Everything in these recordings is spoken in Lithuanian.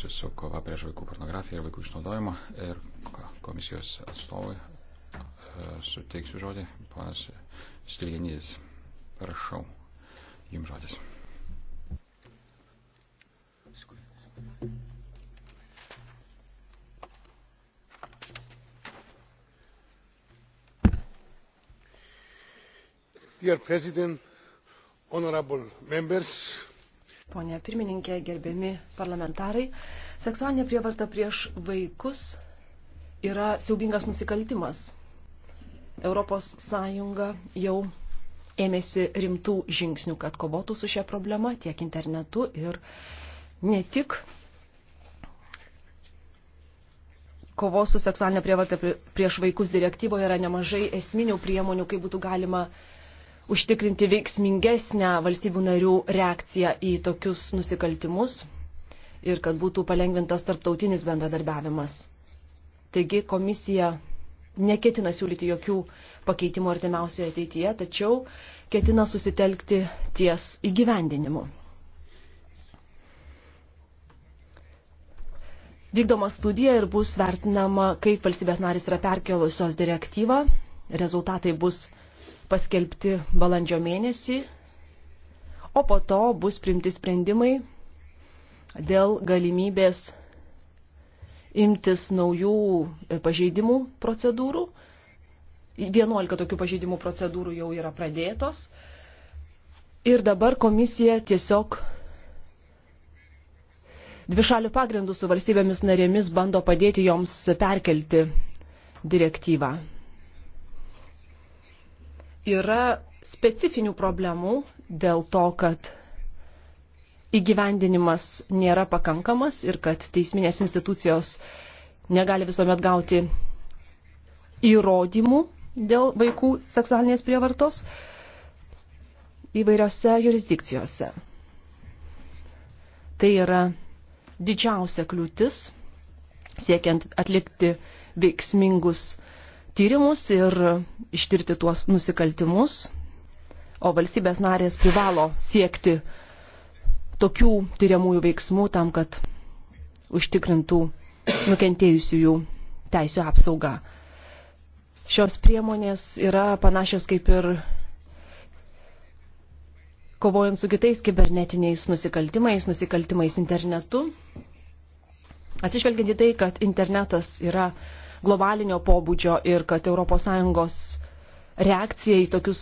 susijusių su kova prieš vaikų pornografiją ir vaikų išnaudojimą. Ir komisijos atstovui e, suteiksiu žodį, panas Stilienys. Prašau, jums žodis. Dear President, honorable members, Pone pirmininkė, gerbiami parlamentarai, seksualinė prievarta prieš vaikus yra siaubingas nusikaltimas. Europos Sąjunga jau ėmėsi rimtų žingsnių, kad kovotų su šia problema tiek internetu ir ne tik kovos su seksualinė prievarta prieš vaikus direktyvoje yra nemažai esminių priemonių, kaip būtų galima uh, užtikrinti veiksmingesnę valstybių narių reakciją į tokius nusikaltimus ir kad būtų palengvintas tarptautinis bendradarbiavimas. Taigi komisija neketina siūlyti jokių pakeitimų artimiausioje ateityje, tačiau ketina susitelkti ties įgyvendinimu. Vykdoma studija ir bus vertinama, kaip valstybės narys yra perkelusios direktyvą. Rezultatai bus paskelbti balandžio mėnesį, o po to bus primti sprendimai dėl galimybės imtis naujų e, pažeidimų procedūrų. 11 tokių pažeidimų procedūrų jau yra pradėtos. Ir dabar komisija tiesiog dvišalių pagrindų su valstybėmis narėmis bando padėti joms perkelti direktyvą yra specifinių problemų dėl to, kad įgyvendinimas nėra pakankamas ir kad teisminės institucijos negali visuomet gauti įrodymų dėl vaikų seksualinės prievartos įvairiose jurisdikcijose. Tai yra didžiausia kliūtis siekiant atlikti veiksmingus tyrimus ir ištirti tuos nusikaltimus, o valstybės narės privalo siekti tokių tyriamųjų veiksmų tam, kad užtikrintų nukentėjusiųjų teisų apsaugą. Šios priemonės yra panašios kaip ir kovojant su kitais kibernetiniais nusikaltimais, nusikaltimais internetu. Atsižvelgiant į tai, kad internetas yra globalinio pobūdžio ir kad ES reakcija į tokius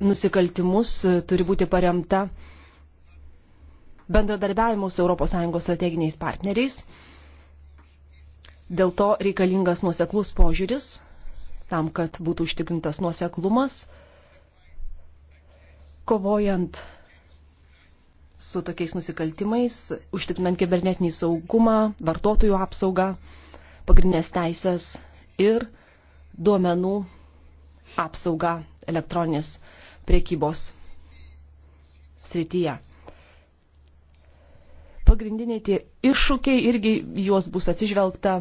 nusikaltimus turi būti paremta bendradarbiavimu su ES strateginiais partneriais. Dėl to reikalingas nuoseklus požiūris, tam, kad būtų užtikrintas nuoseklumas, kovojant su tokiais nusikaltimais, užtikrinant kibernetinį saugumą, vartotojų apsaugą pagrindinės teisės ir duomenų apsaugą elektroninės priekybos srityje. Pagrindiniai tie iššūkiai irgi juos bus atsižvelgta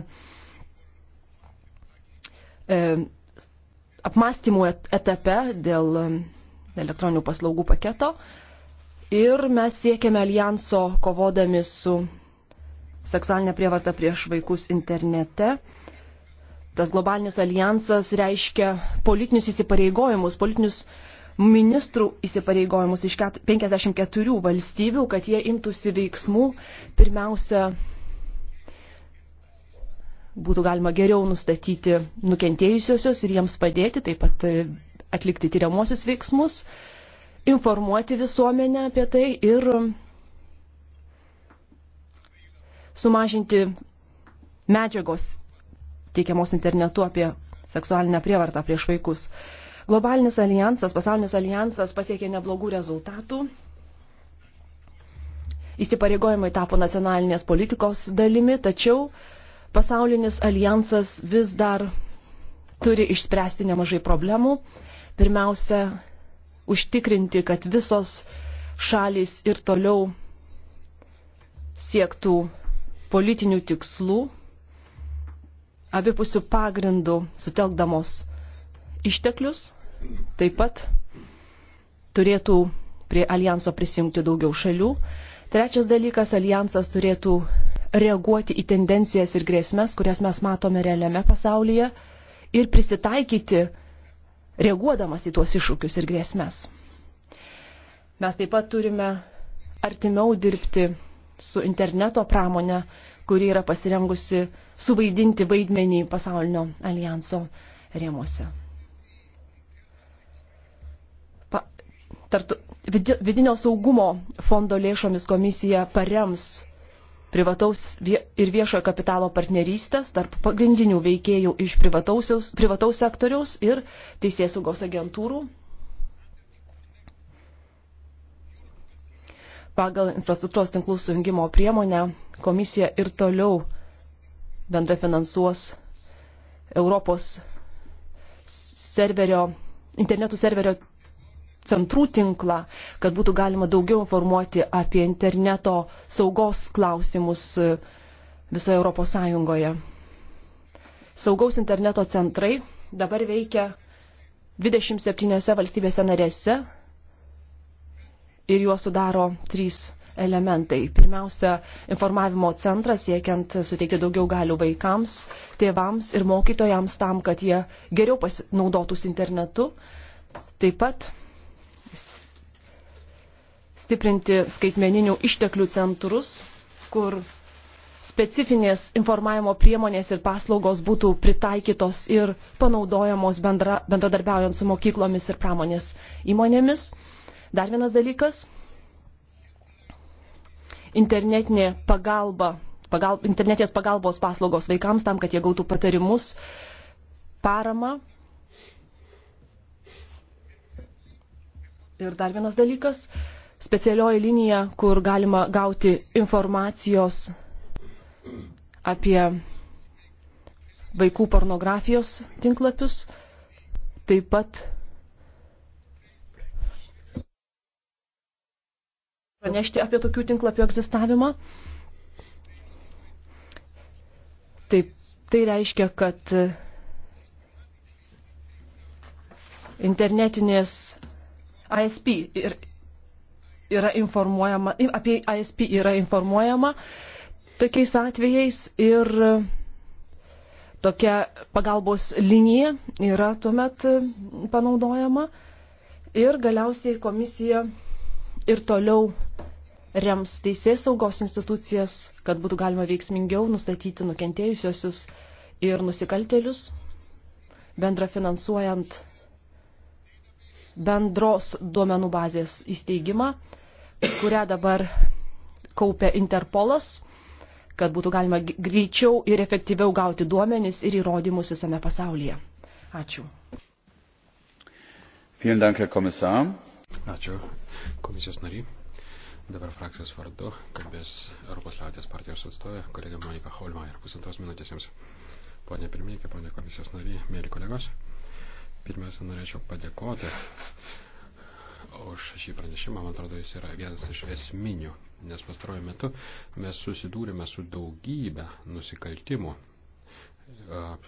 e, apmastymų etape e, dėl elektroninių paslaugų paketo ir mes siekiame alijanso kovodami su seksualinę prievartą prieš vaikus internete. Tas globalinis alijansas reiškia politinius įsipareigojimus, politinius ministrų įsipareigojimus iš 54 valstybių, kad jie imtųsi veiksmų. Pirmiausia, būtų galima geriau nustatyti nukentėjusiosius ir jiems padėti, taip pat e, atlikti tyriamosius veiksmus, informuoti visuomenę apie tai ir sumažinti medžiagos teikiamos internetu apie seksualinę prievartą prieš vaikus. Globalinis alijansas, pasaulinis alijansas pasiekė neblogų rezultatų. Įsipareigojimai tapo nacionalinės politikos dalimi, tačiau pasaulinis alijansas vis dar turi išspręsti nemažai problemų. Pirmiausia, užtikrinti, kad visos šalys ir toliau siektų politinių tikslų, abipusių pagrindų sutelkdamos išteklius, taip pat turėtų prie alijanso prisijungti daugiau šalių. Trečias dalykas, alijansas turėtų reaguoti į tendencijas ir grėsmes, kurias mes matome realiame pasaulyje ir prisitaikyti, reaguodamas į tuos iššūkius ir grėsmes. Mes taip pat turime artimiau dirbti su interneto pramonė, kuri yra pasirengusi suvaidinti vaidmenį pasaulinio alijanso rėmuose. Pa, tartu, vid, vidinio saugumo fondo lėšomis komisija parems privataus ir viešojo kapitalo partnerystės tarp pagrindinių veikėjų iš privataus, privataus sektoriaus ir teisėsaugos agentūrų pagal infrastruktūros tinklų sujungimo priemonę komisija ir toliau bendrai finansuos Europos serverio, internetų serverio centrų tinklą, kad būtų galima daugiau informuoti apie interneto saugos klausimus visoje Europos Sąjungoje. Saugaus interneto centrai dabar veikia 27 valstybėse narėse, ir juos sudaro trys elementai. Pirmiausia, informavimo centras siekiant suteikti daugiau galių vaikams, tėvams ir mokytojams tam, kad jie geriau pasinaudotųsi internetu. Taip pat stiprinti skaitmeninių išteklių centrus, kur specifinės informavimo priemonės ir paslaugos būtų pritaikytos ir panaudojamos bendra, bendradarbiaujant su mokyklomis ir pramonės įmonėmis. Dar vienas dalykas – internetinė pagalba, pagal, internetinės pagalbos paslaugos vaikams tam, kad jie gautų patarimus, paramą. Ir dar vienas dalykas – specialioji linija, kur galima gauti informacijos apie vaikų pornografijos tinklapius, taip pat – pranešti apie tokių tinklapių egzistavimą. Taip, tai reiškia, kad internetinės ISP ir yra informuojama, apie ISP yra informuojama tokiais atvejais ir tokia pagalbos linija yra tuomet panaudojama ir galiausiai komisija ir toliau rems teisės saugos institucijas, kad būtų galima veiksmingiau nustatyti nukentėjusiosius ir nusikaltelius, bendra finansuojant bendros duomenų bazės įsteigimą, kurią dabar kaupia Interpolas, kad būtų galima greičiau ir efektyviau gauti duomenis ir įrodymus visame pasaulyje. Ačiū. Vielen Dank, Herr Kommissar. Ačiū komisijos nariai. Dabar frakcijos vardu kalbės Europos liaudės partijos atstovė kolegė Monika Holma ir pusantros minutės jums. Pone pirmininkė, pone komisijos nariai, mėly kolegos. Pirmiausia, norėčiau padėkoti už šį pranešimą. Man atrodo, jis yra vienas iš esminių, nes pastaruoju metu mes susidūrėme su daugybė nusikaltimų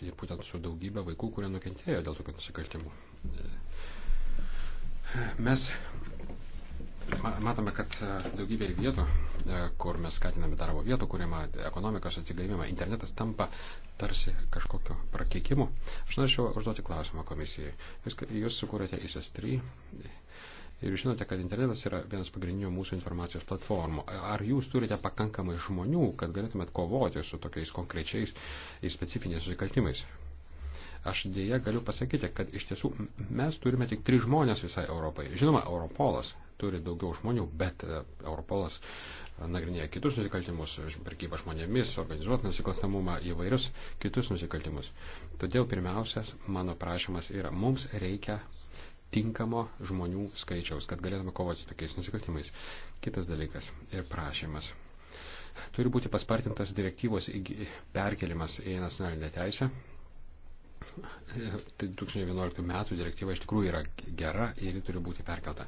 ir būtent su daugybė vaikų, kurie nukentėjo dėl tokių nusikaltimų. Mes matome, kad e, daugybėje vietų, e, kur mes skatiname darbo vietų, kuriama ekonomikos atsigavimą, internetas tampa tarsi kažkokio prakeikimu. Aš norėčiau užduoti klausimą komisijai. Jūs, jūs sukūrėte ISS3 ir žinote, kad internetas yra vienas pagrindinių mūsų informacijos platformų. Ar jūs turite pakankamai žmonių, kad galėtumėt kovoti su tokiais konkrečiais ir specifiniais nusikaltimais? Aš dėja galiu pasakyti, kad iš tiesų mes turime tik tris žmonės visai Europai. Žinoma, Europolas turi daugiau žmonių, bet e, Europolas e, nagrinėja kitus nusikaltimus, prekybą žmonėmis, organizuotą nusikalstamumą, įvairius kitus nusikaltimus. Todėl pirmiausias mano prašymas yra, mums reikia tinkamo žmonių skaičiaus, kad galėtume kovoti su tokiais nusikaltimais. Kitas dalykas ir prašymas. Turi būti paspartintas direktyvos perkelimas į nacionalinę teisę, tai 2011 metų direktyva iš tikrųjų yra gera ir ji turi būti perkelta.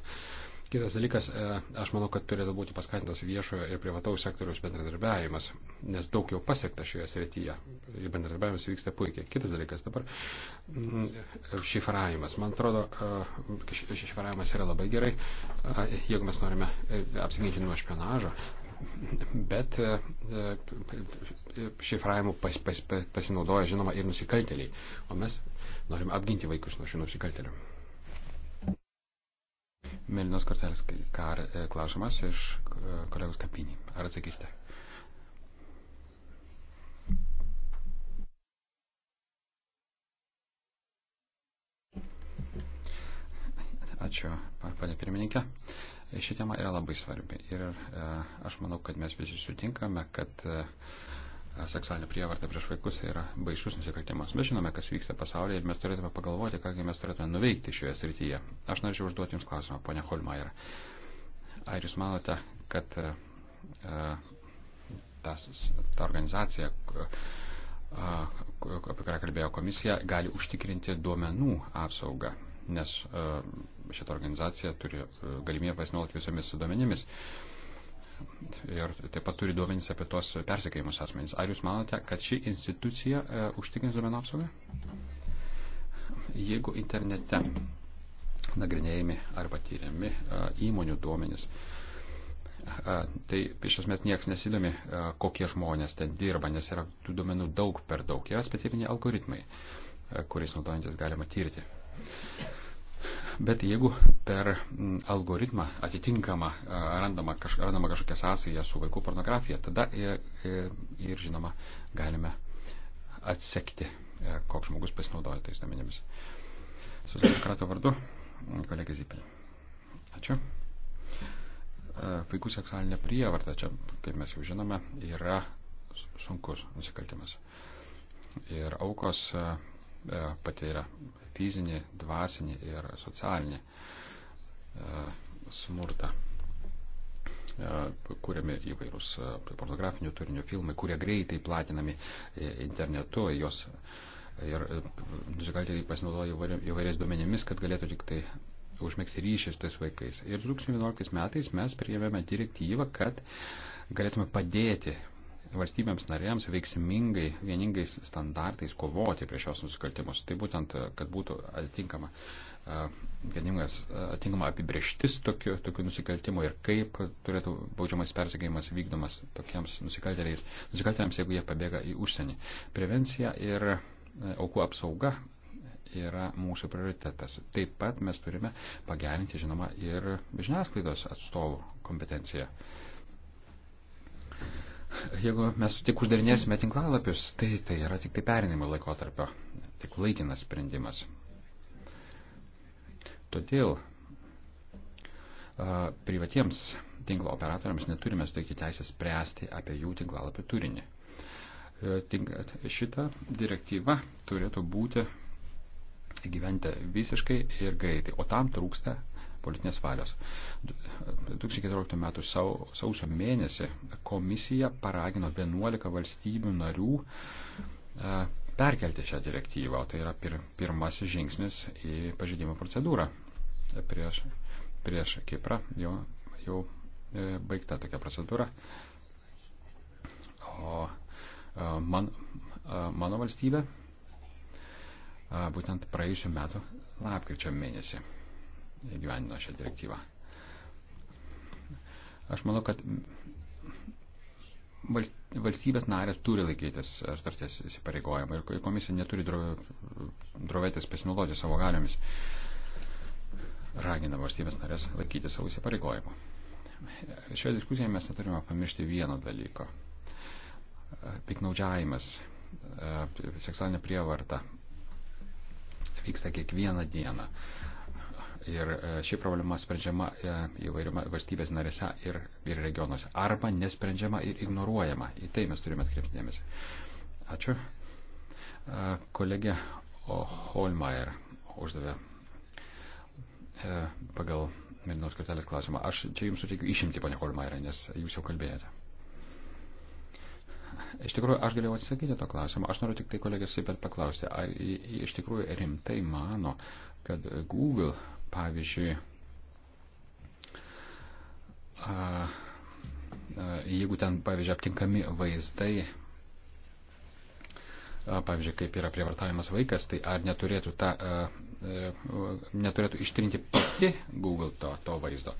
Kitas dalykas, e, aš manau, kad turėtų būti paskatintas viešojo ir privataus sektoriaus bendradarbiavimas, nes daug jau pasiekta šioje srityje ir bendradarbiavimas vyksta puikiai. Kitas dalykas dabar šifravimas. Man atrodo, e, šifravimas yra labai gerai, e, jeigu mes norime apsiginti nuo špionažo, Bet e, e, šifravimu pas, pas, pas, pasinaudoja, žinoma, ir nusikalteliai. O mes norim apginti vaikus nuo šių nusikaltelių. Melinos kortelės e, klausimas iš kolegos Kapinį. Ar atsakysite? Ačiū, panė pirmininkė. Ši tema yra labai svarbi ir e, aš manau, kad mes visi sutinkame, kad e, seksualinė prievarta prieš vaikus yra baisus nusikaltimas. Mes žinome, kas vyksta pasaulyje ir mes turėtume pagalvoti, kągi mes turėtume nuveikti šioje srityje. Aš norėčiau užduoti Jums klausimą, ponia Holmeier. Ar Jūs manote, kad e, tas, ta organizacija, apie kurią kalbėjo komisija, gali užtikrinti duomenų apsaugą nes e, šita organizacija turi e, galimybę pasinaudoti visomis duomenimis. Ir taip pat turi duomenys apie tos persekėjimus asmenys. Ar jūs manote, kad ši institucija e, užtikrins duomenų apsaugą? Jeigu internete nagrinėjami arba tyriami e, įmonių duomenys, e, tai iš esmės niekas nesidomi, e, kokie žmonės ten dirba, nes yra tų duomenų daug per daug. Yra specifiniai algoritmai, e, kuriais naudojantis galima tyrti Bet jeigu per mm, algoritmą atitinkamą randama, kaž, randama kažkokia sąsaja su vaikų pornografija, tada ir, ir žinoma galime atsekti, e, koks žmogus pasinaudoja tais duomenimis. Socialdemokratų vardu mm, kolegė Zipelė. Ačiū. Vaikų e, seksualinė prievarta, čia, kaip mes jau žinome, yra sunkus nusikaltimas. Ir aukos e, patiria fizinį, dvasinį ir socialinį e, smurtą. Kūrėme įvairūs e, pornografinių turinių filmai, kurie greitai platinami e, internetu. Jos ir nusikaltėliai pasinaudoja įvairiais duomenimis, kad galėtų tik tai užmėgsti ryšį su tais vaikais. Ir 2011 metais mes priėmėme direktyvą, kad galėtume padėti valstybėms narėms veiksmingai, vieningais standartais kovoti prieš šios nusikaltimus. Tai būtent, e, kad būtų atitinkama, e, e, atitinkama apibrieštis tokių, tokių nusikaltimų ir kaip turėtų baudžiamas persekėjimas vykdomas tokiems nusikaltėliams, jeigu jie pabėga į užsienį. Prevencija ir aukų apsauga yra mūsų prioritetas. Taip pat mes turime pagerinti, žinoma, ir žiniasklaidos atstovų kompetenciją. Jeigu mes tik uždarinėsime tinklalapius, tai tai yra tik tai perinimo laikotarpio, tik laikinas sprendimas. Todėl a, privatiems tinklo operatoriams neturime suteikti teisės spręsti apie jų tinklalapių turinį. E, šita direktyva turėtų būti gyventi visiškai ir greitai, o tam trūksta politinės valios. 2014 e, m. sausio mėnesį komisija paragino 11 valstybių narių e, perkelti šią direktyvą, o tai yra pir, pirmasis žingsnis į pažydimo procedūrą. E, prieš, prieš Kiprą jau, jau baigta tokia procedūra. O man, mano valstybė būtent praėjusiu metu lapkričio mėnesį įgyvenino šią direktyvą. Aš manau, kad valstybės narės turi laikytis starties įsipareigojimą ir komisija neturi drovėtis pasinaudoti savo galiomis. Ragina valstybės narės laikyti savo įsipareigojimą. Šioje diskusijoje mes neturime pamiršti vieno dalyko. Piknaudžiavimas, e, seksualinė prievarta vyksta kiekvieną dieną ir e, ši problema sprendžiama e, įvairiama valstybės narėse ir, ir regionuose. Arba nesprendžiama ir ignoruojama. Į tai mes turime atkreipti dėmesį. Ačiū. E, kolegė Holmeier uždavė pagal Mirinos kortelės klausimą. Aš čia jums suteikiu išimti, ponia Holmeier, nes jūs jau kalbėjote. Iš tikrųjų, aš galėjau atsakyti to klausimo. Aš noriu tik tai kolegės Sipel paklausti, ar iš tikrųjų rimtai mano, kad Google Pavyzdžiui, jeigu ten, pavyzdžiui, aptinkami vaizdai, pavyzdžiui, kaip yra prievartavimas vaikas, tai ar neturėtų, ta, neturėtų ištrinti pati Google to, to vaizdo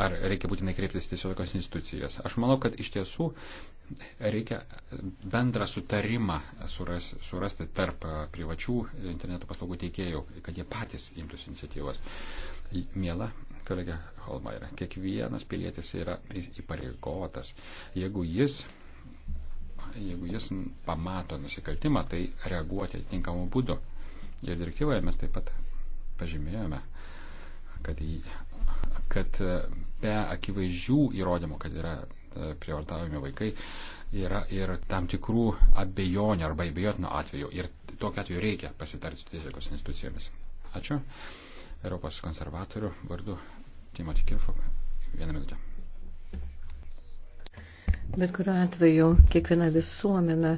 ar reikia būtinai kreiptis tiesiogios institucijas. Aš manau, kad iš tiesų reikia bendrą sutarimą suras, surasti tarp privačių interneto paslaugų teikėjų, kad jie patys imtųsi iniciatyvos. Miela kolegė Holmaira, kiekvienas pilietis yra įpareigotas. Jeigu jis jeigu jis pamato nusikaltimą, tai reaguoti atitinkamu būdu. Ir direktyvoje mes taip pat pažymėjome, kad į kad e, be akivaizdžių įrodymų, kad yra e, prievartaujami vaikai, yra ir tam tikrų abejonių arba abejotinų atvejų. Ir tokiu atveju reikia pasitarti su teisėkos institucijomis. Ačiū. Europos konservatorių vardu Timothy Kirchhoff. Vieną minutę. Bet kuriuo atveju kiekviena visuomenė,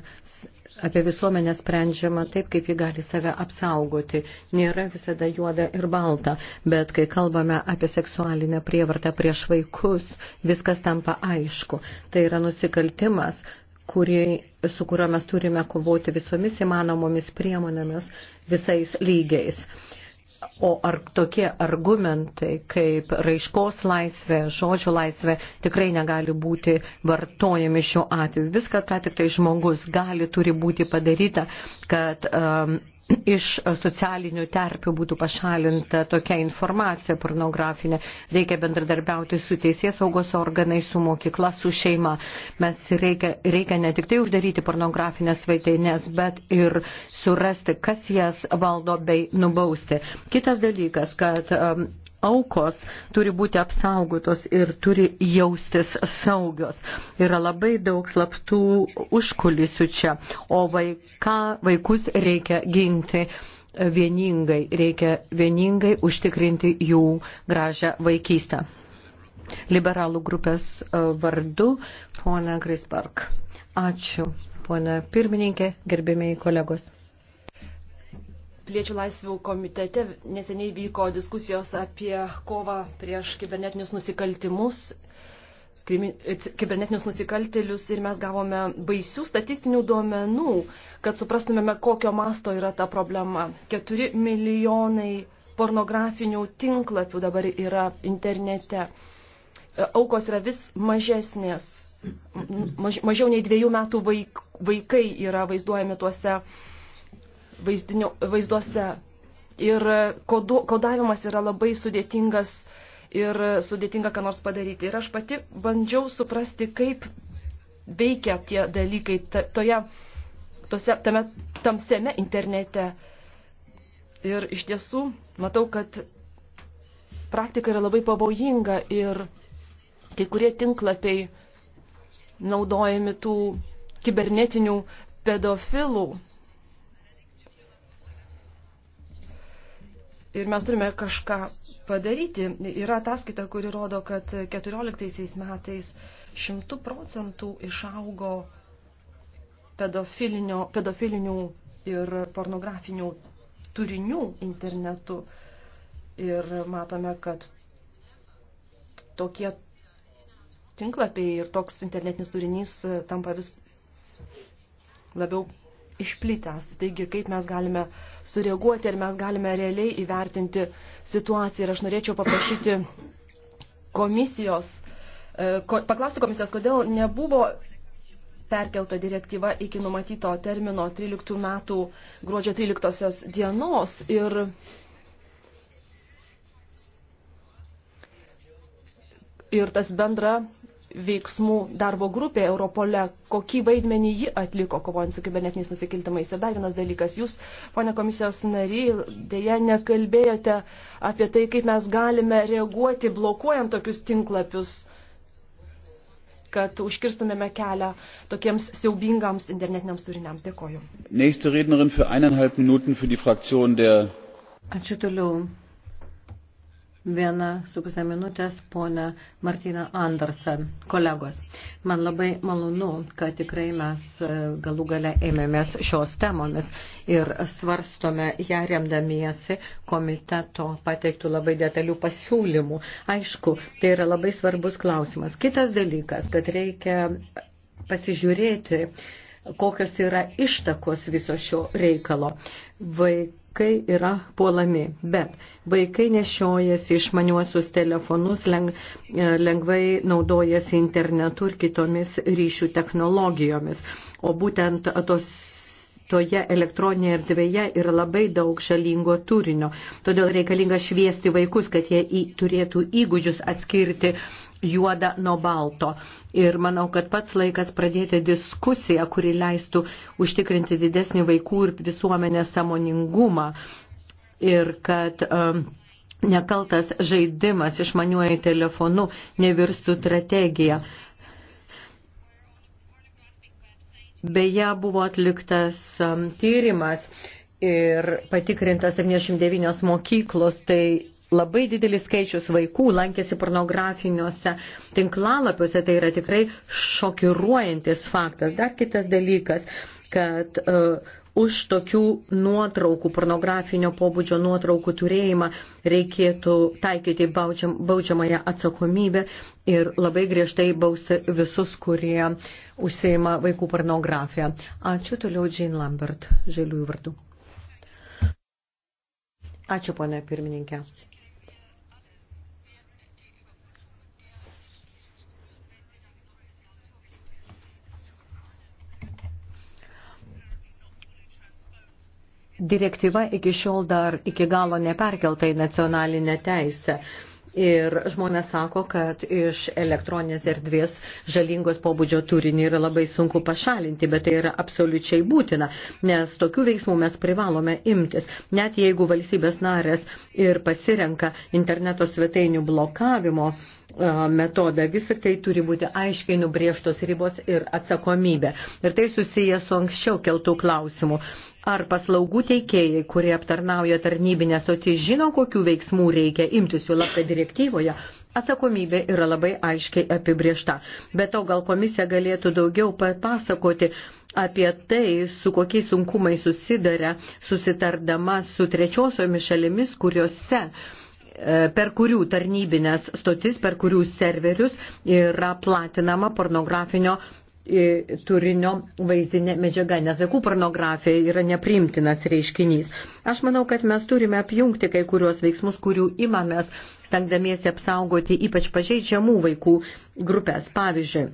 apie visuomenę sprendžiama taip, kaip ji gali save apsaugoti. Nėra visada juoda ir balta, bet kai kalbame apie seksualinę prievartą prieš vaikus, viskas tampa aišku. Tai yra nusikaltimas, kuri, su kuriuo mes turime kovoti visomis įmanomomis priemonėmis visais lygiais. O ar tokie argumentai kaip raiškos laisvė, žodžio laisvė tikrai negali būti vartojami šiuo atveju. Viską, ką tik tai žmogus gali, turi būti padaryta, kad um, iš socialinių terpių būtų pašalinta tokia informacija pornografinė. Reikia bendradarbiauti su teisės saugos organai, su mokykla, su šeima. Mes reikia, reikia ne tik tai uždaryti pornografinės vaiteinės, bet ir surasti, kas jas valdo bei nubausti. Kitas dalykas, kad um, aukos turi būti apsaugotos ir turi jaustis saugios. Yra labai daug slaptų užkulisių čia, o vaiką, vaikus reikia ginti vieningai, reikia vieningai užtikrinti jų gražią vaikystę. Liberalų grupės e, vardu, pona Grisberg. Ačiū, pona pirmininkė, gerbėmiai kolegos. Piliečių laisvių komitete neseniai vyko diskusijos apie kovą prieš kibernetinius nusikaltimus, kibernetinius nusikaltelius ir mes gavome baisių statistinių duomenų, kad suprastumėme, kokio masto yra ta problema. 4 milijonai pornografinių tinklapių dabar yra internete. E, aukos yra vis mažesnės. Maž, mažiau nei dviejų metų vaik, vaikai yra vaizduojami tuose uh, vaizdiniu, vaizduose. Ir kodu, kodavimas yra labai sudėtingas ir sudėtinga, ką nors padaryti. Ir aš pati bandžiau suprasti, kaip veikia tie dalykai ta, toje, tose, tame tamsiame internete. Ir iš tiesų matau, kad praktika yra labai pavojinga ir kai kurie tinklapiai naudojami tų kibernetinių pedofilų Ir mes turime kažką padaryti. Yra ataskaita, kuri rodo, kad 14 metais 100 procentų išaugo pedofilinių ir pornografinių turinių internetu. Ir matome, kad tokie tinklapiai ir toks internetinis turinys tampa vis labiau išplitęs. Taigi, kaip mes galime sureaguoti ir mes galime realiai įvertinti situaciją. Ir aš norėčiau paprašyti komisijos, e, paklausti komisijos, kodėl nebuvo perkelta direktyva iki numatyto termino 13 metų gruodžio 13 dienos. Ir ir tas bendra veiksmų darbo grupė Europole, kokį vaidmenį ji atliko kovojant su kibernetiniais nusikaltimais. Ir dar vienas dalykas, jūs, ponia komisijos nariai, dėja nekalbėjote apie tai, kaip mes galime reaguoti blokuojant tokius tinklapius kad užkirstumėme kelią tokiems siaubingams internetiniams turiniams. Dėkoju. Ačiū toliau. Viena su pusę minutės ponė Martina Andersen, kolegos. Man labai malonu, kad tikrai mes e, galų gale ėmėmės šios temomis ir svarstome ją remdamiesi komiteto pateiktų labai detalių pasiūlymų. Aišku, tai yra labai svarbus klausimas. Kitas dalykas, kad reikia pasižiūrėti, kokios yra ištakos viso šio reikalo. Vaik vaikai yra puolami, bet vaikai nešiojasi išmaniuosius telefonus, leng, e, lengvai naudojasi internetu ir kitomis ryšių technologijomis. O būtent tos toje elektroninėje erdvėje yra labai daug žalingo turinio. Todėl reikalinga šviesti vaikus, kad jie į, turėtų įgūdžius atskirti juoda nuo balto. Ir manau, kad pats laikas pradėti diskusiją, kuri leistų užtikrinti didesnį vaikų ir visuomenės samoningumą. Ir kad um, nekaltas žaidimas išmaniuoja telefonu nevirstų strategiją. Beje, buvo atliktas um, tyrimas ir patikrintas 79 mokyklos, tai labai didelis skaičius vaikų lankėsi pornografiniuose tinklalapiuose, tai yra tikrai šokiruojantis faktas. Dar kitas dalykas, kad uh, už tokių nuotraukų, pornografinio pobūdžio nuotraukų turėjimą reikėtų taikyti baudžiam, baudžiamąją atsakomybę ir labai griežtai bausti visus, kurie užseima vaikų pornografiją. Ačiū toliau Jane Lambert, žaliųjų vardu. Ačiū, ponė pirmininkė. direktyva iki šiol dar iki galo neperkelta į nacionalinę teisę. Ir žmonės sako, kad iš elektroninės erdvės žalingos pobūdžio turinį yra labai sunku pašalinti, bet tai yra absoliučiai būtina, nes tokių veiksmų mes privalome imtis. Net jeigu valstybės narės ir pasirenka interneto svetainių blokavimo e, metodą, vis tik tai turi būti aiškiai nubriežtos ribos ir atsakomybė. Ir tai susiję su anksčiau keltų klausimų. Ar paslaugų teikėjai, kurie aptarnauja tarnybinę stotį, žino, kokių veiksmų reikia imtis jų labda direktyvoje? Atsakomybė yra labai aiškiai apibriešta. Bet to gal komisija galėtų daugiau papasakoti apie tai, su kokiais sunkumai susidaria susitardama su trečiosiomis šalimis, kuriuose e, per kurių tarnybinės stotis, per kurių serverius yra platinama pornografinio turinio vaizdinė medžiaga, nes vaikų pornografija yra nepriimtinas reiškinys. Aš manau, kad mes turime apjungti kai kuriuos veiksmus, kurių imamės, stengdamiesi apsaugoti ypač pažeidžiamų vaikų grupės. Pavyzdžiui,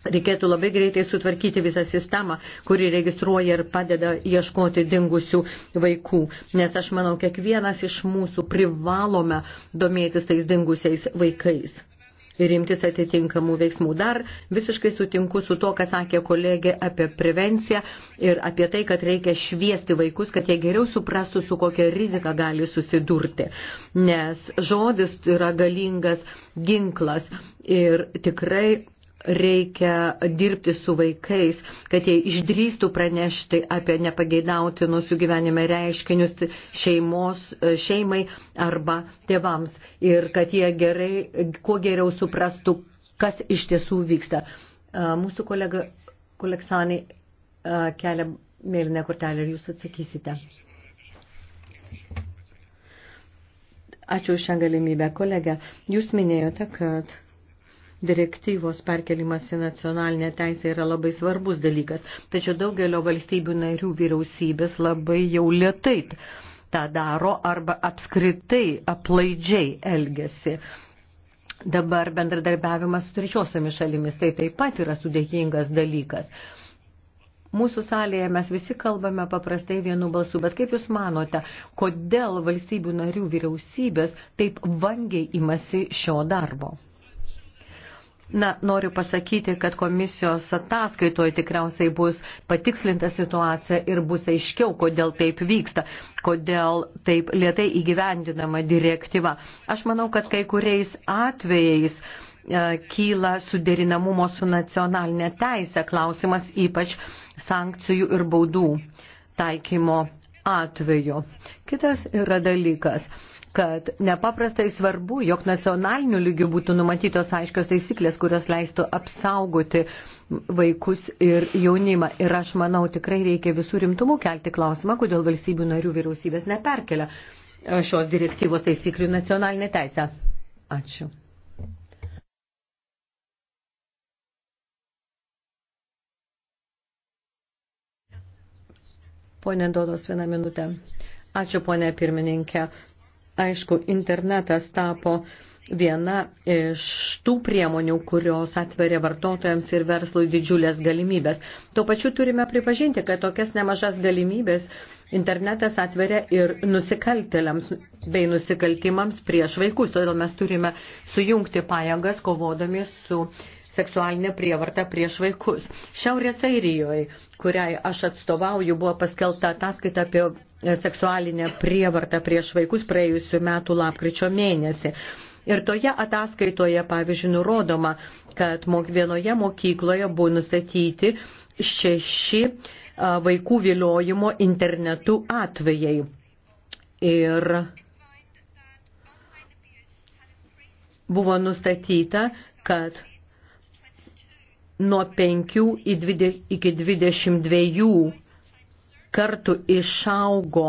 Reikėtų labai greitai sutvarkyti visą sistemą, kuri registruoja ir padeda ieškoti dingusių vaikų. Nes aš manau, kiekvienas iš mūsų privalome domėtis tais dingusiais vaikais ir imtis atitinkamų veiksmų. Dar visiškai sutinku su to, ką sakė kolegė apie prevenciją ir apie tai, kad reikia šviesti vaikus, kad jie geriau suprastų, su kokia rizika gali susidurti. Nes žodis yra galingas ginklas ir tikrai reikia dirbti su vaikais, kad jie išdrįstų pranešti apie nepageidautinus jų gyvenime reiškinius šeimos, šeimai arba tėvams ir kad jie gerai, kuo geriau suprastų, kas iš tiesų vyksta. Mūsų kolega Koleksanai kelia mėlyną kortelę ir jūs atsakysite. Ačiū už šią galimybę, kolega. Jūs minėjote, kad direktyvos perkelimas į nacionalinę teisę yra labai svarbus dalykas, tačiau daugelio valstybių narių vyriausybės labai jau lietai tą daro arba apskritai aplaidžiai elgesi. Dabar bendradarbiavimas su trečiosiomis šalimis tai taip pat yra sudėkingas dalykas. Mūsų salėje mes visi kalbame paprastai vienu balsu, bet kaip Jūs manote, kodėl valstybių narių vyriausybės taip vangiai imasi šio darbo? Na, noriu pasakyti, kad komisijos ataskaitoje tikriausiai bus patikslinta situacija ir bus aiškiau, kodėl taip vyksta, kodėl taip lietai įgyvendinama direktyva. Aš manau, kad kai kuriais atvejais e, kyla suderinamumo su nacionalinė teisė klausimas, ypač sankcijų ir baudų taikymo atveju. Kitas yra dalykas kad nepaprastai svarbu, jog nacionaliniu lygiu būtų numatytos aiškios taisyklės, kurios leistų apsaugoti vaikus ir jaunimą. Ir aš manau, tikrai reikia visų rimtumų kelti klausimą, kodėl valstybių narių vyriausybės neperkelia e, šios direktyvos taisyklių nacionalinė teisė. Ačiū. Pone Dodos, vieną minutę. Ačiū, ponė pirmininkė. Aišku, internetas tapo viena iš tų priemonių, kurios atveria vartotojams ir verslui didžiulės galimybės. Tuo pačiu turime pripažinti, kad tokias nemažas galimybės internetas atveria ir nusikaltėliams bei nusikaltimams prieš vaikus. Todėl mes turime sujungti pajėgas kovodami su seksualinė prievarta prieš vaikus. Šiaurės Airijoje, kuriai aš atstovauju, buvo paskelbta ataskaita apie seksualinę prievartą prieš vaikus praėjusių metų lapkričio mėnesį. Ir toje ataskaitoje, pavyzdžiui, nurodoma, kad vienoje mokykloje buvo nustatyti šeši vaikų viliojimo internetu atvejai. Ir buvo nustatyta, kad nuo 5 iki 22 kartų išaugo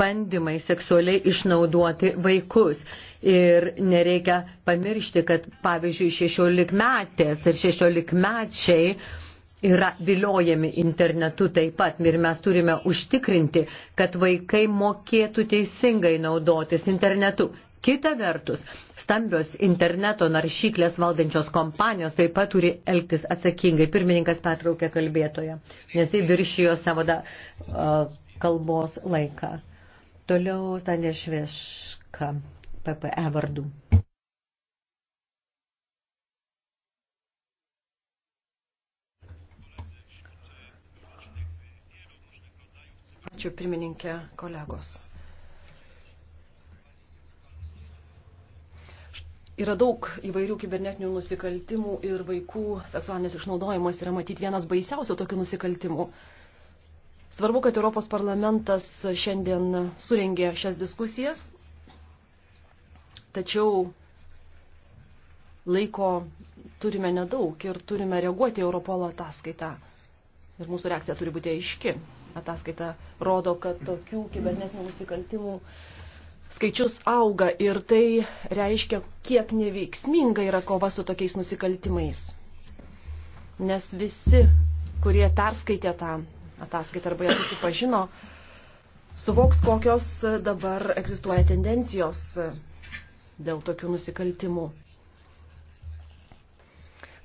bandymai seksualiai išnaudoti vaikus. Ir nereikia pamiršti, kad pavyzdžiui 16 metės ir 16 mečiai yra viliojami internetu taip pat ir mes turime užtikrinti, kad vaikai mokėtų teisingai naudotis internetu. Kita vertus, stambios interneto naršyklės valdančios kompanijos taip pat turi elgtis atsakingai. Pirmininkas pertraukė kalbėtoje, nes jį viršijo savo da, uh, kalbos laiką. Toliau Stanė Šveška, PPE vardu. Ačiū pirmininkė kolegos. yra daug įvairių kibernetinių nusikaltimų ir vaikų seksualinis išnaudojimas yra matyti vienas baisiausių tokių nusikaltimų. Svarbu, kad Europos parlamentas šiandien surengė šias diskusijas, tačiau laiko turime nedaug ir turime reaguoti į Europolo ataskaitą. Ir mūsų reakcija turi būti aiški. Ataskaita rodo, kad tokių kibernetinių nusikaltimų uh, skaičius auga ir tai reiškia, kiek neveiksminga yra kova su tokiais nusikaltimais. Nes visi, kurie perskaitė tą ataskaitą arba ją susipažino, suvoks, kokios dabar egzistuoja tendencijos dėl tokių nusikaltimų.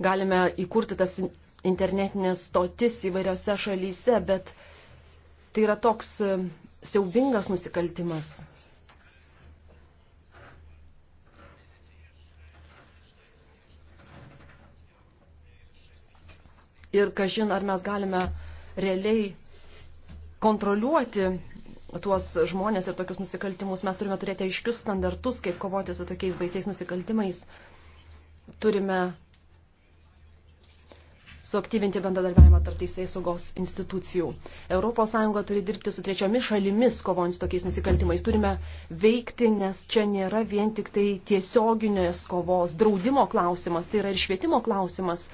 Galime įkurti tas internetinės stotis įvairiose šalyse, bet tai yra toks siaubingas nusikaltimas, ir kažin ar mes galime realiai kontroliuoti tuos žmonės ir tokius nusikaltimus. Mes turime turėti aiškius standartus, kaip kovoti su tokiais baisiais nusikaltimais. Turime suaktyvinti bendradarbiavimą tarp teisėjai saugos institucijų. ES turi dirbti su trečiomis šalimis kovojant su tokiais nusikaltimais. Turime veikti, nes čia nėra vien tik tai tiesioginės kovos draudimo klausimas, tai yra ir švietimo klausimas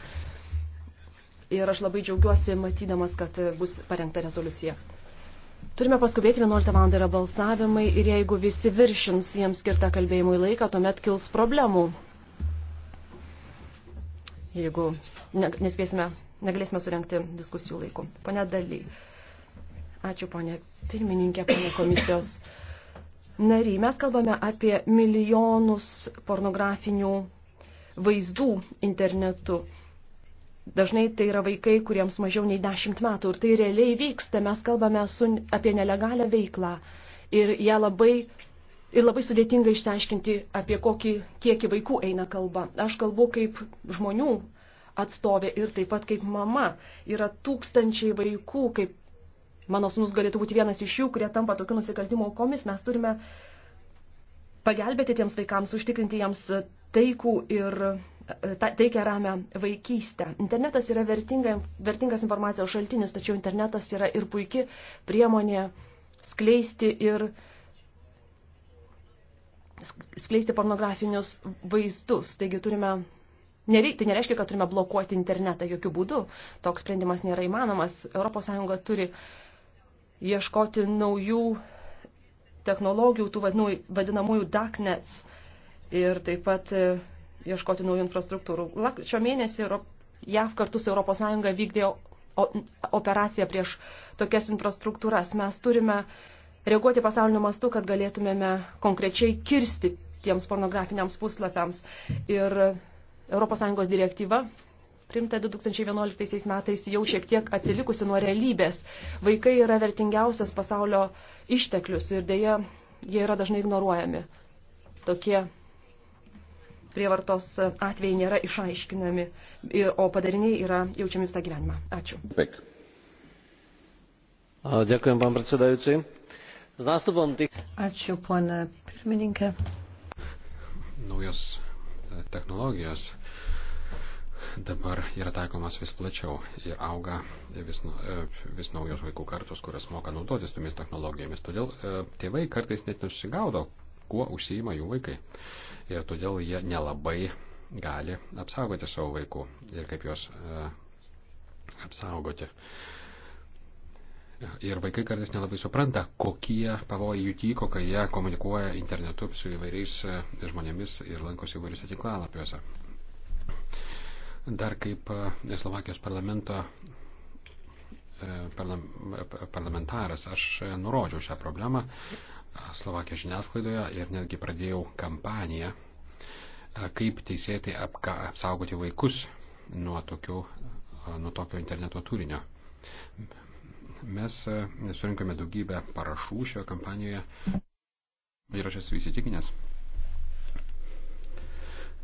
ir aš labai džiaugiuosi matydamas, kad bus parengta rezoliucija. Turime paskubėti, 11 val. yra balsavimai ir jeigu visi viršins jiems skirtą kalbėjimui laiką, tuomet kils problemų. Jeigu nespėsime, negalėsime surenkti diskusijų laiku. Pone Daly. Ačiū, ponė pirmininkė, ponė komisijos nary. Mes kalbame apie milijonus pornografinių vaizdų internetu. Dažnai tai yra vaikai, kuriems mažiau nei 10 metų ir tai realiai vyksta. Mes kalbame su, apie nelegalią veiklą ir ją labai, ir labai sudėtinga išsiaiškinti, apie kokį kiekį vaikų eina kalba. Aš kalbu kaip žmonių atstovė ir taip pat kaip mama. Yra tūkstančiai vaikų, kaip mano sunus galėtų būti vienas iš jų, kurie tampa tokių nusikaltimų aukomis. Mes turime pagelbėti tiems vaikams, užtikrinti jiems taikų ir teikia ramę vaikystę. Internetas yra vertinga, vertingas informacijos šaltinis, tačiau internetas yra ir puikia priemonė skleisti ir skleisti pornografinius vaizdus. Taigi turime, nerei, tai nereiškia, kad turime blokuoti internetą jokių būdų. Toks sprendimas nėra įmanomas. ES turi ieškoti naujų technologijų, tų vadinamųjų darknets ir taip pat e, ieškoti naujų infrastruktūrų. Lakčio mėnesį JAV kartu su ES vykdė operaciją prieš tokias infrastruktūras. Mes turime reaguoti pasauliniu mastu, kad galėtumėme konkrečiai kirsti tiems pornografiniams puslapiams. Ir ES direktyva, primta 2011 metais, jau šiek tiek atsilikusi nuo realybės. Vaikai yra vertingiausias pasaulio išteklius ir dėja jie yra dažnai ignoruojami. Tokie prievartos atvejai nėra išaiškinami, o padariniai yra jaučiami visą gyvenimą. Ačiū. Dėkuojam, pan predsedajúci. S nástupom tých... Ačiū, pana pirmininkė. Naujos e, technologijos dabar yra taikomas vis plačiau ir auga vis, nu, e, vis naujos vaikų kartos, kurios moka naudotis tomis technologijomis. Todėl e, tėvai kartais net nesusigaudo, kuo užsiima jų vaikai ir todėl jie nelabai gali apsaugoti savo vaikų ir kaip juos e, apsaugoti. Ir vaikai kartais nelabai supranta, kokie pavojai jų tyko, kai jie komunikuoja internetu su įvairiais e, žmonėmis ir lankosi įvairiuose tinklalapiuose. Dar kaip e, Slovakijos parlamento parlamentaras aš nurodžiau šią problemą Slovakijos žiniasklaidoje ir netgi pradėjau kampaniją, e, kaip teisėtai apka, apsaugoti vaikus nuo, tokių, e, nuo tokio interneto turinio. Mes e, surinkome daugybę parašų šioje kampanijoje ir aš esu įsitikinęs,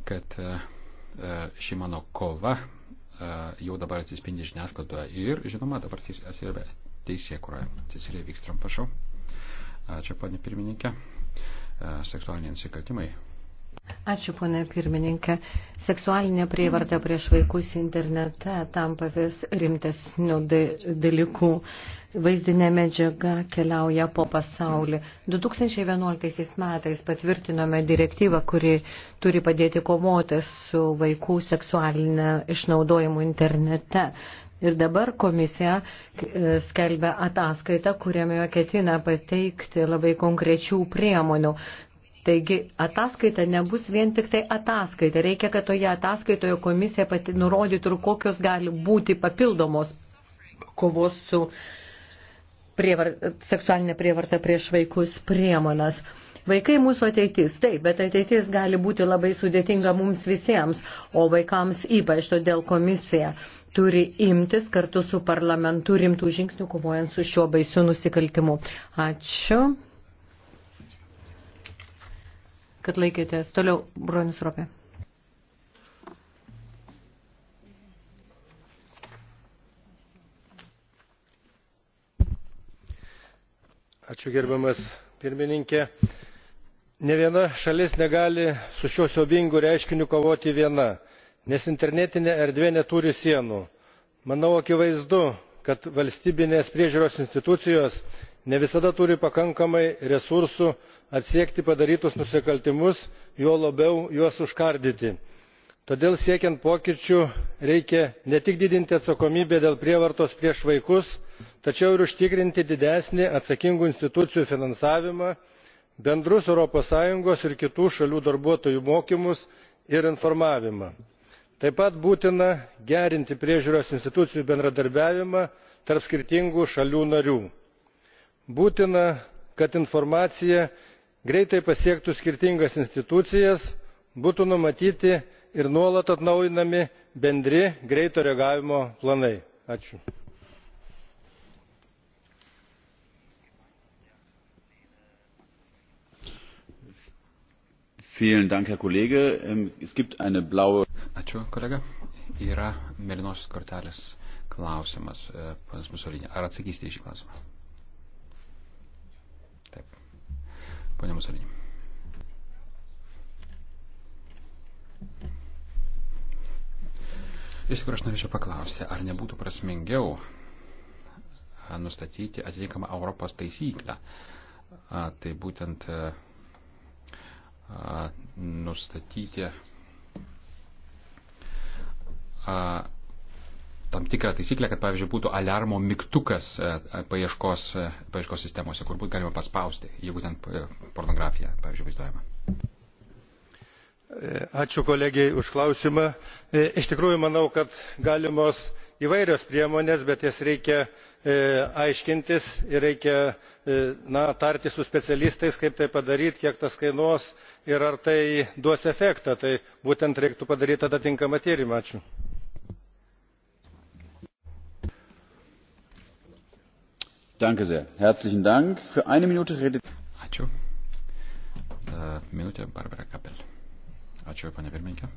kad ši mano kova jau dabar atsispindi žiniasklaidoje ir, žinoma, dabar atsirvė teisė, kurioje atsirvė vyks, prašau. Ačiū, ponė pirmininkė. E, seksualiniai nusikaltimai. Ačiū, ponė pirmininkė. Seksualinė prievarta prieš vaikus internete tampa vis rimtesnių dalykų. Vaizdinė medžiaga keliauja po pasaulį. 2011 metais patvirtinome direktyvą, kuri turi padėti kovoti su vaikų seksualinė išnaudojimu internete. Ir dabar komisija e, skelbia ataskaitą, kuriame ketina pateikti labai konkrečių priemonių. Taigi ataskaita nebus vien tik tai ataskaita. Reikia, kad toje ataskaitoje komisija pati nurodytų ir kokios gali būti papildomos kovos su prievar, seksualinė prievarta prieš vaikus priemonas. Vaikai mūsų ateitis, taip, bet ateitis gali būti labai sudėtinga mums visiems, o vaikams ypač todėl komisija turi imtis kartu su parlamentu rimtų žingsnių kovojant su šiuo baisiu nusikaltimu. Ačiū, kad laikėtės. Toliau, Bronius Ropė. Ačiū gerbiamas pirmininkė. Ne viena šalis negali su šiuo siaubingu reiškiniu kovoti viena nes internetinė erdvė neturi sienų. manau akivaizdu kad valstybinės priežiūros institucijos ne visada turi pakankamai resursų atsekti padarytus nusikaltimus juo labiau juos užkardyti. todėl siekiant pokyčių reikia ne tik didinti atsakomybę dėl prievartos prieš vaikus tačiau ir užtikrinti didesnį atsakingų institucijų finansavimą bendrus europos sąjungos ir kitų šalių darbuotojų mokymus ir informavimą taip pat būtina gerinti priežiūros institucijų bendradarbiavimą tarp skirtingų šalių narių. būtina kad informacija greitai pasiektų skirtingas institucijas būtų numatyti ir nuolat atnaujinami bendri greito reagavimo planai. vielen dank herr kollege! Ähm, es gibt eine blaue karte. Ačiū, kolega. Yra mėlynosios kortelės klausimas, e, panas Musolinė. Ar atsakysite į šį klausimą? Taip. Pone Musolinė. Iš tikrųjų, aš norėčiau paklausti, ar nebūtų prasmingiau nustatyti atitinkamą Europos taisyklę. A, tai būtent a, nustatyti a, tam tikrą taisyklę, kad pavyzdžiui būtų aliarmo mygtukas e, paieškos, e, paieškos sistemose, kur būtų galima paspausti, jeigu ten e, pornografija, pavyzdžiui, vaizduojama. Ačiū kolegijai už klausimą. Iš tikrųjų, manau, kad galimos įvairios priemonės bet jas reikia aiškintis ir reikia na tartis su specialistais kaip tai padaryti kiek tas kainuos ir ar tai duos efektą tai būtent reiktų padaryti atitinkamą tyrimą. ačiū. Danke sehr. Herzlichen Dank. Für eine Minute redet. Ačiū. Da, minutė Barbara Kapel. Ačiū, panė pirmininkė.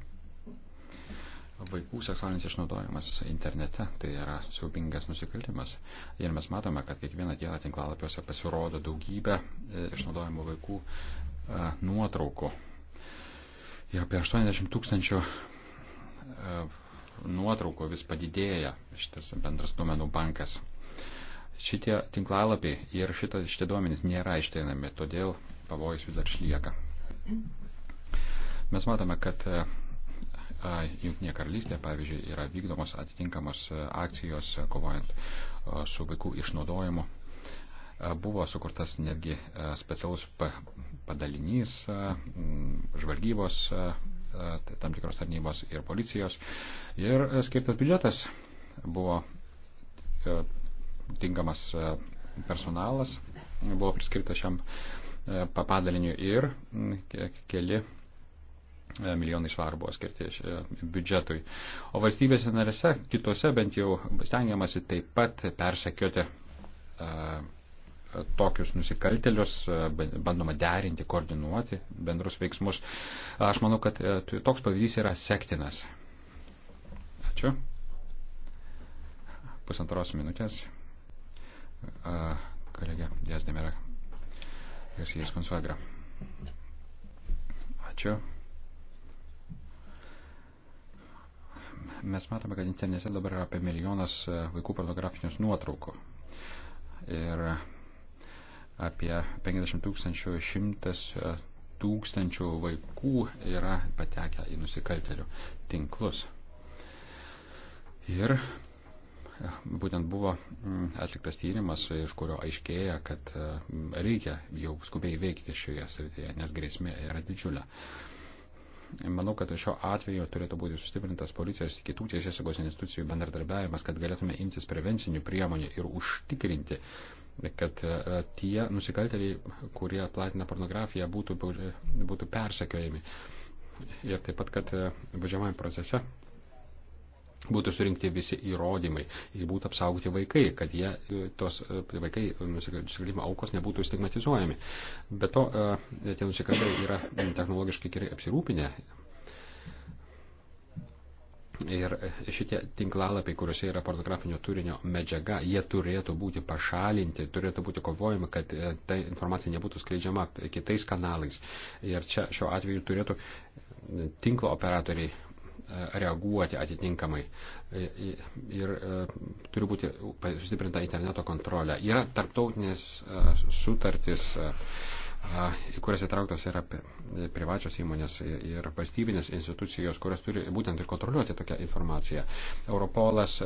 Vaikų seksualinis išnaudojimas internete tai yra siaubingas nusikaltimas. Ir mes matome, kad kiekvieną dieną tinklalapiuose pasirodo daugybė e, išnaudojimų vaikų e, nuotraukų. Ir apie 80 tūkstančių e, nuotraukų vis padidėja šitas bendras duomenų bankas šitie tinklalapiai ir šitas, šitie duomenys nėra išteinami, todėl pavojus vis dar išlieka. Mes matome, kad e, Junktinė karalystė, pavyzdžiui, yra vykdomos atitinkamos e, akcijos e, kovojant su vaikų išnaudojimu. Buvo sukurtas netgi specialus padalinys žvalgybos, tai tam tikros tarnybos ir policijos. Ir skirtas biudžetas buvo tinkamas e, personalas buvo priskirtas šiam e, papadaliniu ir keli e, milijonai svarų buvo skirti biudžetui. O valstybėse narėse, kitose bent jau stengiamasi taip pat persekioti tokius nusikaltelius, bandoma derinti, koordinuoti bendrus veiksmus. Aš manau, kad toks pavyzdys yra sektinas. Ačiū. Pusantros minutės kolegė Dėsdemira Garsijas Mansuagra. Ačiū. Mes matome, kad internete dabar yra apie milijonas e, vaikų pornografinius nuotraukų. Ir apie 50 tūkstančių, 100 e, tūkstančių vaikų yra patekę į nusikaltelių tinklus. Ir būtent buvo mm, atliktas tyrimas, iš kurio aiškėja, kad mm, reikia jau skubiai veikti šioje srityje, nes grėsmė yra didžiulė. Manau, kad šio atveju turėtų būti sustiprintas policijos ir kitų teisėsaugos institucijų bendradarbiavimas, kad galėtume imtis prevencinių priemonių ir užtikrinti, kad e, tie nusikaltėliai, kurie platina pornografiją, būtų, būtų persekiojami. Ir taip pat, kad važiavame e, procese būtų surinkti visi įrodymai ir būtų apsaugoti vaikai, kad jie, e, tos e, vaikai e, nusikaltimo aukos nebūtų stigmatizuojami. Be to, tie nusikaltėliai yra technologiškai gerai apsirūpinę. Ir šitie tinklalapiai, kuriuose yra pornografinio turinio medžiaga, jie turėtų būti pašalinti, turėtų būti kovojami, kad ta informacija nebūtų skleidžiama kitais kanalais. Ir čia šiuo atveju turėtų tinklo operatoriai reaguoti atitinkamai e, e, ir e, turi būti sustiprinta interneto kontrolė. Yra tarptautinės sutartys, į kurias įtrauktos yra privačios įmonės ir valstybinės institucijos, kurias turi būtent ir kontroliuoti tokią informaciją. Europolas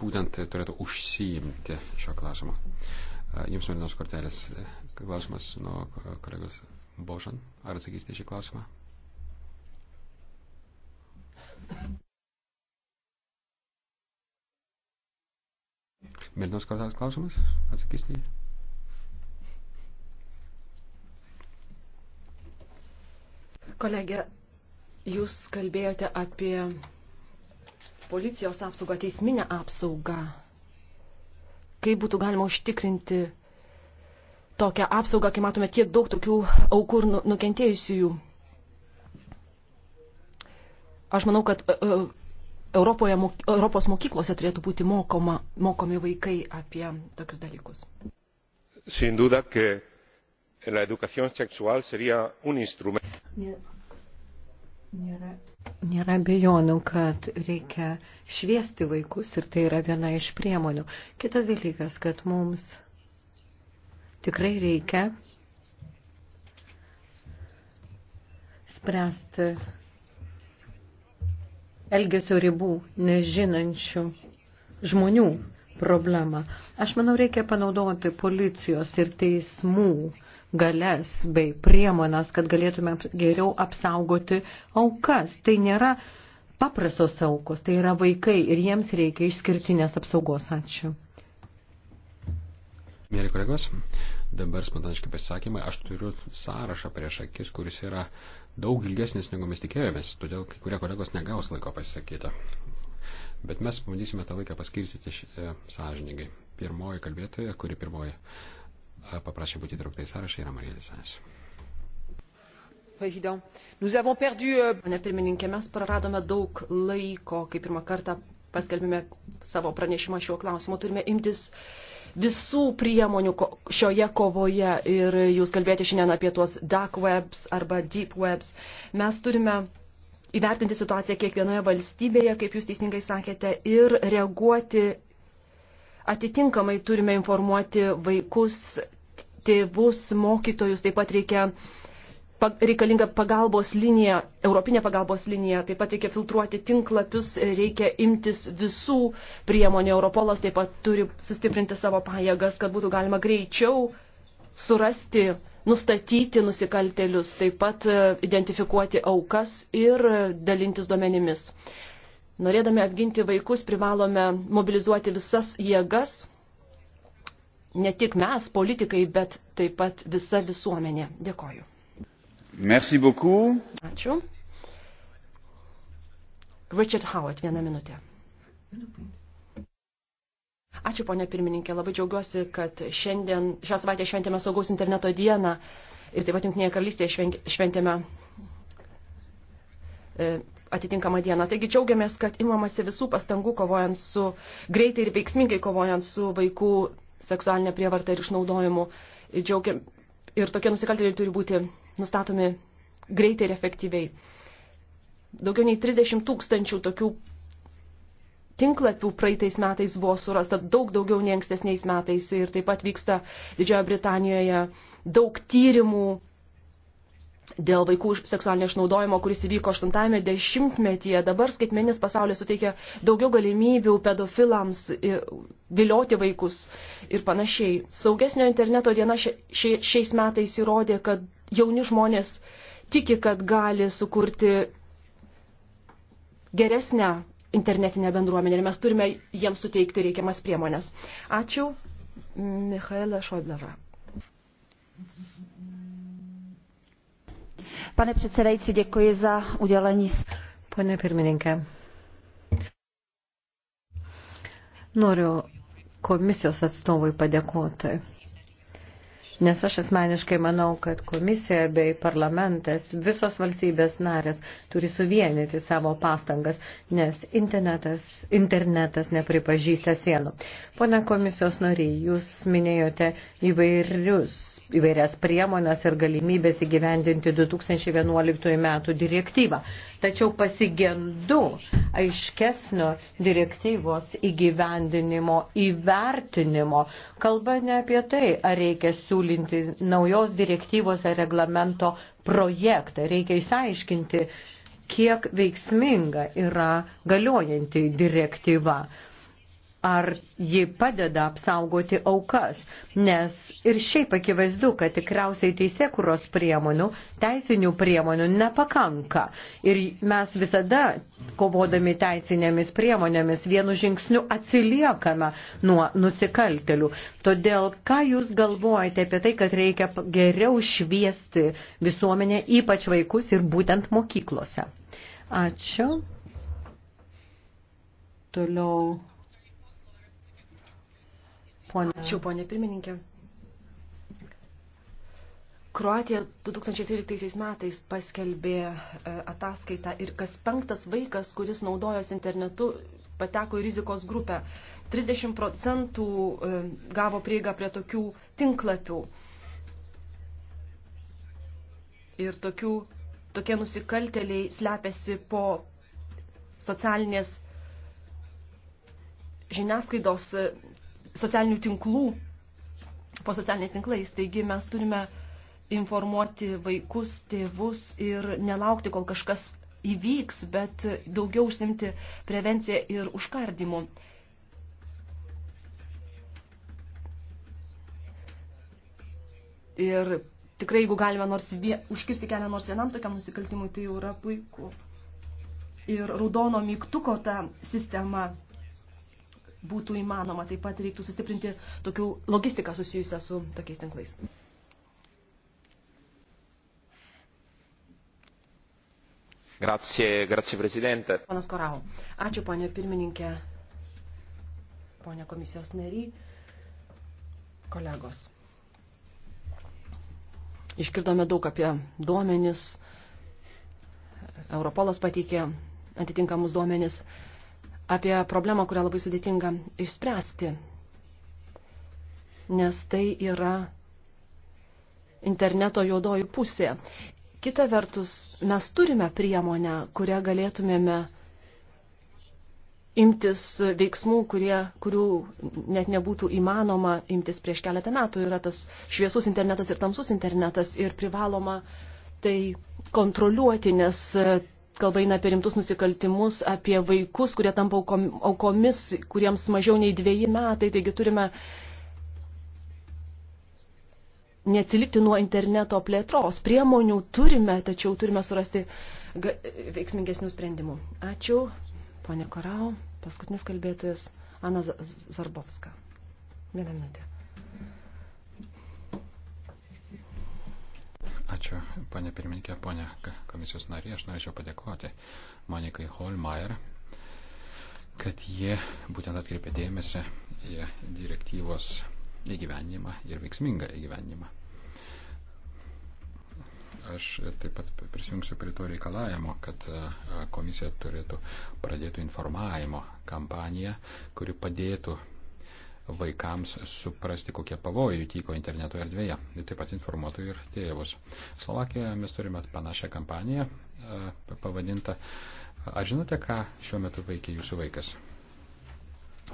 būtent turėtų užsiimti šio klausimo. Jums vienos kortelės e, klausimas nuo kolegos Božan. Ar atsakysite šį klausimą? Melinos kortelės klausimas? Atsakysite jį? Kolegė, jūs kalbėjote apie policijos apsaugą, teisminę apsaugą kaip būtų galima užtikrinti tokią apsaugą, kai matome tiek daug tokių aukų ir nu, nukentėjusiųjų. Aš manau, kad e, e, Europoje, Europos mokyklose turėtų būti mokoma, mokomi vaikai apie tokius dalykus. Sin duda, que la educación sexual sería un instrumento. Nėra, nėra Nėra bejonių, kad reikia šviesti vaikus ir tai yra viena iš priemonių. Kitas dalykas, kad mums tikrai reikia spręsti elgesio ribų nežinančių žmonių problemą. Aš manau, reikia panaudoti policijos ir teismų galės bei priemonas, kad galėtume geriau apsaugoti aukas. Tai nėra paprastos aukos, tai yra vaikai ir jiems reikia išskirtinės apsaugos. Ačiū. Mėly kolegos, dabar spontaniškai pasisakymai. Aš turiu sąrašą prieš akis, kuris yra daug ilgesnis, negu mes tikėjomės, todėl kai kurie kolegos negaus laiko pasisakyti. Bet mes pabandysime tą laiką paskirstyti e, sąžiningai. Pirmoji kalbėtoja, kuri pirmoji paprašė būti įtraukta į sąrašą yra Marija Lisanas. Pane euh, pirmininkė, mes praradome daug laiko, kai pirmą kartą paskelbėme savo pranešimą šiuo klausimu. Turime imtis visų priemonių šioje kovoje ir jūs kalbėjote šiandien apie tuos dark webs arba deep webs. Mes turime įvertinti situaciją kiekvienoje valstybėje, kaip jūs teisingai sakėte, ir reaguoti Atitinkamai turime informuoti vaikus, tėvus, mokytojus, taip pat reikia reikalinga pagalbos linija, europinė pagalbos linija, taip pat reikia filtruoti tinklapius, reikia imtis visų priemonių. Europolas taip pat turi sustiprinti savo pajėgas, kad būtų galima greičiau surasti, nustatyti nusikaltelius, taip pat e, identifikuoti aukas ir e, dalintis duomenimis. Norėdami apginti vaikus privalome mobilizuoti visas jėgas, ne tik mes, politikai, bet taip pat visa visuomenė. Dėkoju. Merci beaucoup. Ačiū. Richard Howard, vieną minutę. Ačiū, ponė pirmininkė, labai džiaugiuosi, kad šiandien, šią savaitę šventėme saugaus interneto dieną ir taip pat Junktinėje karalystėje šventėme e, atitinkamą dieną. Taigi džiaugiamės, kad imamasi visų pastangų kovojant su, greitai ir veiksmingai kovojant su vaikų seksualinė prievarta ir išnaudojimu. Džiaugiam, ir tokie nusikaltėliai turi būti nustatomi greitai ir efektyviai. Daugiau nei 30 tūkstančių tokių tinklapių praeitais metais buvo surasta daug daugiau nei ankstesniais metais ir taip pat vyksta Didžiojo Britanijoje daug tyrimų dėl vaikų seksualinio išnaudojimo, kuris įvyko 80-ame dešimtmetyje. Dabar skaitmenis pasaulis suteikia daugiau galimybių pedofilams vilioti vaikus ir panašiai. Saugesnio interneto diena šiais metais įrodė, kad jauni žmonės tiki, kad gali sukurti geresnę internetinę bendruomenę ir mes turime jiems suteikti reikiamas priemonės. Ačiū. Michaela Šoidlera. Mm-hmm. Pane předsedající, děkuji za udělení. Pane pirmininkė, noriu komisijos atstovui padėkoti Nes aš asmeniškai manau, kad komisija bei parlamentas, visos valstybės narės turi suvienyti savo pastangas, nes internetas, internetas nepripažįsta sienų. Pone komisijos nariai, jūs minėjote įvairius, įvairias priemonės ir galimybės įgyvendinti 2011 metų direktyvą tačiau pasigendu aiškesnio direktyvos įgyvendinimo įvertinimo. Kalba ne apie tai, ar reikia siūlinti naujos direktyvos ar reglamento projektą. Reikia įsiaiškinti, kiek veiksminga yra galiojanti direktyva ar ji padeda apsaugoti aukas, nes ir šiaip akivaizdu, kad tikriausiai teisėkuros priemonių, teisinių priemonių nepakanka. Ir mes visada, kovodami teisinėmis priemonėmis, vienu žingsniu atsiliekame nuo nusikaltelių. Todėl, ką Jūs galvojate apie tai, kad reikia geriau šviesti visuomenę, ypač vaikus ir būtent mokyklose? Ačiū. Toliau Pone. Ačiū, ponė pirmininkė. Kroatija 2013 metais paskelbė e, ataskaitą ir kas penktas vaikas, kuris naudojosi internetu, pateko į rizikos grupę. 30 procentų e, gavo prieigą prie tokių tinklapių. Ir tokių, tokie nusikalteliai slepiasi po socialinės žiniasklaidos e, socialinių tinklų, po socialiniais tinklais. Taigi mes turime informuoti vaikus, tėvus ir nelaukti, kol kažkas įvyks, bet daugiau užsimti prevenciją ir užkardimu. Ir tikrai, jeigu galime nors vie, užkisti kelią nors vienam tokiam nusikaltimui, tai jau yra puiku. Ir raudono mygtuko ta sistema būtų įmanoma. Taip pat reiktų sustiprinti tokių logistiką susijusią su tokiais tinklais. Grazie, grazie Presidente. Ponas Korau. Ačiū, ponė pirmininkė, ponė komisijos nary, kolegos. Iškirdome daug apie duomenis. Europolas pateikė atitinkamus duomenis apie problemą, kurią labai sudėtinga išspręsti, nes tai yra interneto juodoji pusė. Kita vertus, mes turime priemonę, kurią galėtumėme imtis veiksmų, kurie, kurių net nebūtų įmanoma imtis prieš keletą metų. Yra tas šviesus internetas ir tamsus internetas ir privaloma tai kontroliuoti, nes kalba eina apie rimtus nusikaltimus, apie vaikus, kurie tampa aukomis, kuriems mažiau nei dviejai metai, taigi turime neatsilikti nuo interneto plėtros. Priemonių turime, tačiau turime surasti veiksmingesnių sprendimų. Ačiū, ponė Korau. Paskutinis kalbėtojas Ana Zarbovska. Vieną minutę. Ačiū, ponė pirmininkė, ponė komisijos narė. Aš norėčiau padėkoti Monikai Holmeier, kad jie būtent atkreipė dėmesį į direktyvos įgyvenimą ir veiksmingą įgyvenimą. Aš taip pat prisijungsiu prie to reikalavimo, kad e, komisija turėtų pradėtų informavimo kampaniją, kuri padėtų vaikams suprasti, kokie pavojai tyko interneto erdvėje. Ir taip pat informuotų ir tėvus. Slovakijoje mes turime panašią kampaniją e, pavadintą Ar žinote, ką šiuo metu veikia jūsų vaikas?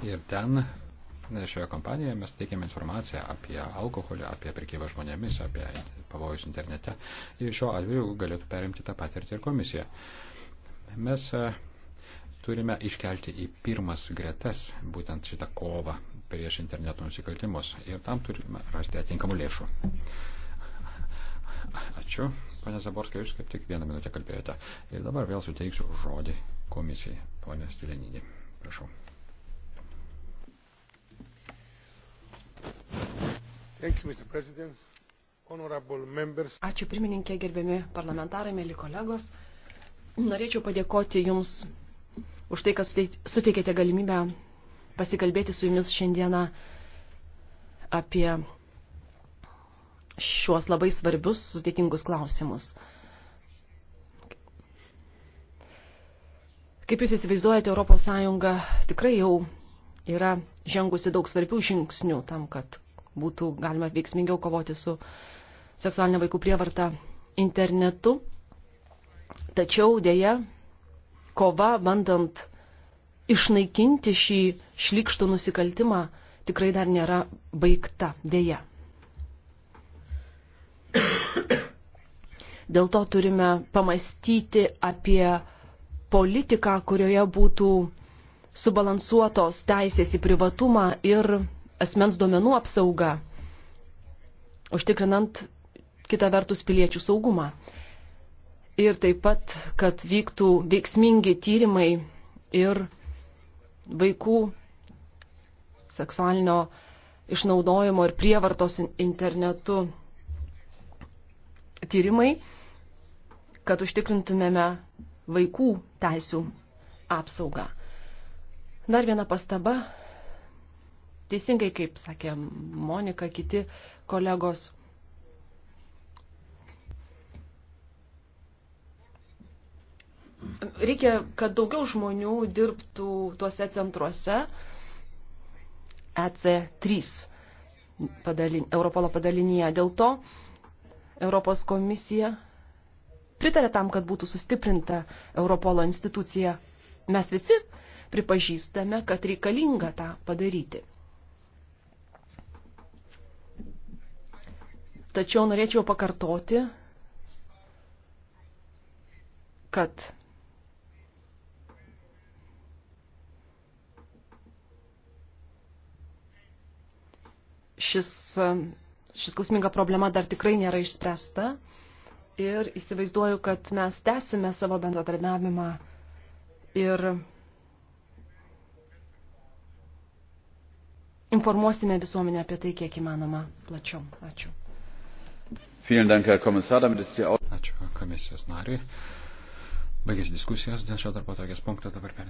Ir ten e, šioje kompanijoje mes teikiame informaciją apie alkoholį, apie prekybą žmonėmis, apie pavojus internete. Ir šiuo atveju galėtų perimti tą patirtį ir komisija. Mes e, turime iškelti į pirmas gretas būtent šitą kovą prieš interneto nusikaltimus ir tam turime rasti atinkamų lėšų. Ačiū, ponė Zaborskai, jūs kaip tik vieną minutę kalbėjote. Ir dabar vėl suteiksiu žodį komisijai, ponė Stileninė. Prašau. Thank you, Mr. President. Honorable members. Ačiū pirmininkė, gerbiami parlamentarai, mėly kolegos. Norėčiau padėkoti Jums už tai, kad suteikėte galimybę pasikalbėti su jumis šiandieną apie šiuos labai svarbius, sudėtingus klausimus. Kaip jūs įsivaizduojate, ES tikrai jau yra žengusi daug svarbių žingsnių tam, kad būtų galima veiksmingiau kovoti su seksualinė vaikų prievarta internetu. Tačiau dėja kova, bandant išnaikinti šį šlikštų nusikaltimą, tikrai dar nėra baigta, dėja. Dėl to turime pamastyti apie politiką, kurioje būtų subalansuotos teisės į privatumą ir asmens duomenų apsauga, užtikrinant kitą vertus piliečių saugumą ir taip pat, kad vyktų veiksmingi tyrimai ir vaikų seksualinio išnaudojimo ir prievartos internetu tyrimai, kad užtikrintumėme vaikų teisų apsaugą. Dar viena pastaba. Teisingai, kaip sakė Monika, kiti kolegos reikia, kad daugiau žmonių dirbtų tuose centruose EC3 padalin, Europolo padalinyje. Dėl to Europos komisija pritarė tam, kad būtų sustiprinta Europolo institucija. Mes visi pripažįstame, kad reikalinga tą padaryti. Tačiau norėčiau pakartoti, kad šis, šis skausminga problema dar tikrai nėra išspręsta ir įsivaizduoju, kad mes tęsime savo bendradarbiavimą ir informuosime visuomenę apie tai, kiek įmanoma plačiau. Ačiū. Ačiū komisijos nariui. Baigėsi diskusijos dėl šio darbo tokias punkto dabar per.